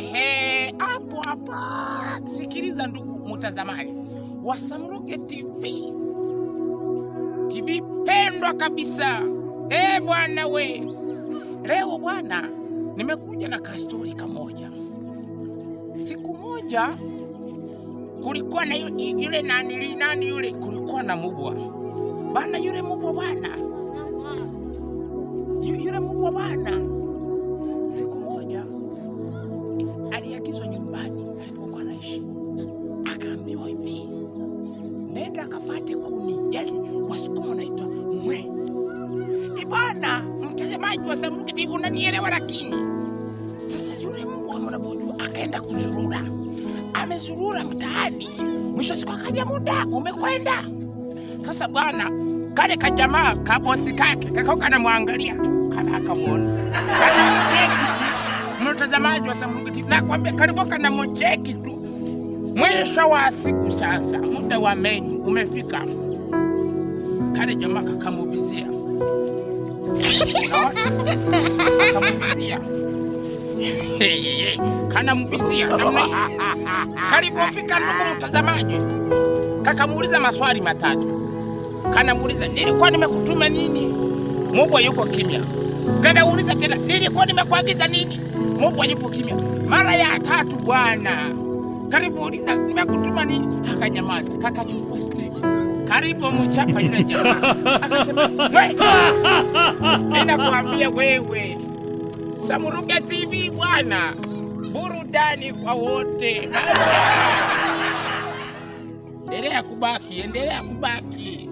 Ehe, hapo hapa. Sikiliza ndugu mtazamaji wa Samruge TV, TV pendwa kabisa. E bwana we, leo bwana, nimekuja na kastori kamoja. Siku moja kulikuwa na yule nani nani yule, kulikuwa na mubwa bana, yule mubwa bwana nenda kafate kuni, yaani wasukuma wanaitwa mwe. Ibana mtazamaji wa Zamruge TV unanielewa, lakini sasa yule mbwa mnapojua akaenda kuzurura, amezurura mtaani, mwisho siku akaja, muda umekwenda. Sasa bwana kale kajamaa kabosi kake kakao kanamwangalia kana akamwona kana mcheki. Mtazamaji wa Zamruge TV nakwambia, kalikuwa kana mcheki tu Mwisho wa siku sasa, muda wa menyu umefika. Kale jamaa kakamuvizia kamuvizia kanamuvizia namna kalipofika, ndugu mtazamaji, kakamuuliza maswali matatu. Kanamuuliza, nilikuwa nimekutuma nini? Mubwa yuko kimya. Kanauliza tena, nilikuwa nimekuagiza nini? Mubwa yupo kimya. Mara ya tatu bwana kalimuuliza nimekutuma nini? Akanyamaza. Kakachukua stendi karibu amchapa yule jamaa, akasema "Wewe, ninakwambia wewe, Samuruga TV bwana, burudani kwa wote. Endelea kubaki, endelea kubaki.